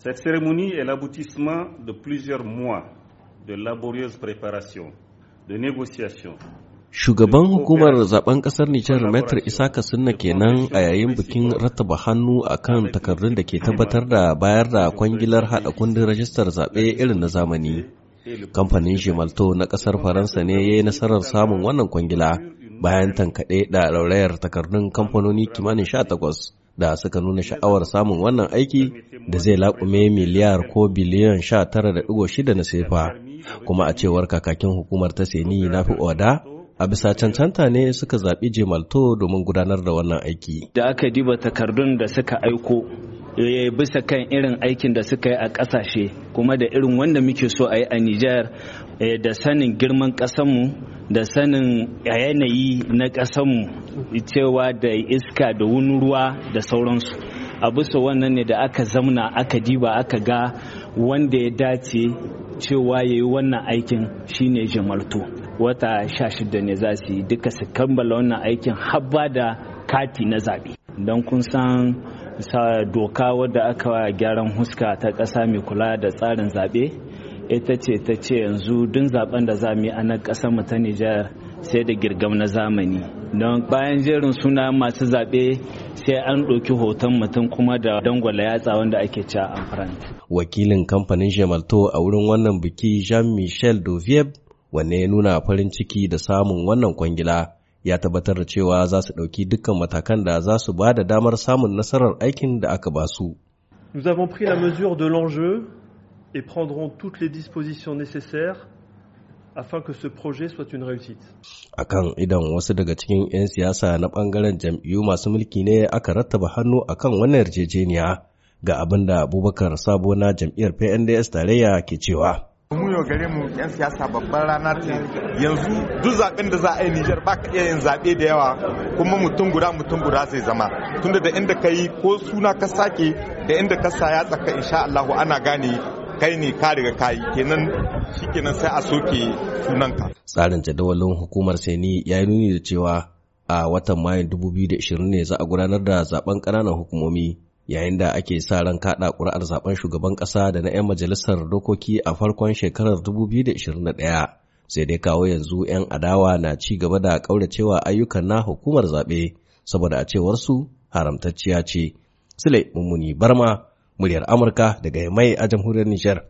Cette cérémonie est l'aboutissement de plusieurs mois de laborieuses préparations, de négociations, Shugaban hukumar zaben kasar Nijar Metro Isaka Sunna kenan a yayin bikin rattaba hannu a kan takardun da ke tabbatar da bayar da kwangilar haɗa kundin rajistar zaɓe irin na zamani. Kamfanin jimalto na ƙasar Faransa ne ya yi nasarar samun wannan kwangila bayan tankaɗe da laurayar takardun kamfanoni kimanin sha takwas. da suka nuna sha'awar samun wannan aiki da zai laƙume miliyar ko biliyan sha tara da ɗigo shida na sefa kuma a cewar kakakin hukumar ta seni na fi oda a bisa cancanta ne suka zaɓi jemalto domin gudanar da wannan aiki da aka diba takardun da suka aiko Eh, bisa kan irin aikin da suka yi a ƙasashe kuma da irin wanda muke so a yi a Nijar eh, da sanin girman ƙasanmu da sanin yanayi na ƙasanmu cewa da iska da wani ruwa da sauransu a bisa wannan ne da aka zamna aka diba aka ga wanda ya dace cewa ya yi wannan aikin shine jamarto wata sha shida ne za su yi duka su kammala wannan aikin habba da kati na zaɓe don kun san sa doka wadda aka wa gyaran huska ta ƙasa mai kula da tsarin zaɓe ita ce ta ce yanzu duk zaɓen da za mu yi a nan ƙasar mu ta Nijar sai da girgam na zamani don bayan jerin suna masu zaɓe sai an ɗauki hoton mutum kuma da dangwala yatsa wanda ake ci a faranta. wakilin kamfanin jamalto a wurin wannan biki jean michel dovieb wanne ya nuna farin ciki da samun wannan kwangila ya tabbatar da cewa za su ɗauki dukkan matakan da za su ba da damar samun nasarar aikin da aka ba su. Nous avons pris la mesure de l'enjeu et prendrons toutes les dispositions nécessaires afin que ce projet soit une réussite. A kan idan wasu daga cikin 'yan siyasa na ɓangaren jam'iyyu masu mulki ne aka rattaba hannu a kan wannan yarjejeniya ga abin da Abubakar Sabo na jam'iyyar PNDS tarayya ke cewa. wa gare mu yan siyasa babban rana ce yanzu duk zaben da za a yi Nijar ba ka iya yin zabe da yawa kuma mutum guda mutum guda zai zama tunda da inda ka yi ko suna ka sake da inda ka saya tsaka insha Allah ana gane kai ne ka riga ka yi kenan shikenan sai a soke sunanka tsarin jadawalin hukumar Seni ya nuni da cewa a watan Mayu 2020 ne za a gudanar da zaben ƙananan hukumomi yayin da ake sa ran kaɗa ƙuri'ar zaben shugaban ƙasa da na 'yan majalisar dokoki a farkon shekarar 2021 sai dai kawo yanzu 'yan adawa na ci gaba da ƙauracewa ayyukan na hukumar zaɓe saboda a cewar su haramtacciya ce. Sule Mummuni Barma, muryar Amurka daga mai a jamhuriyar Nijar.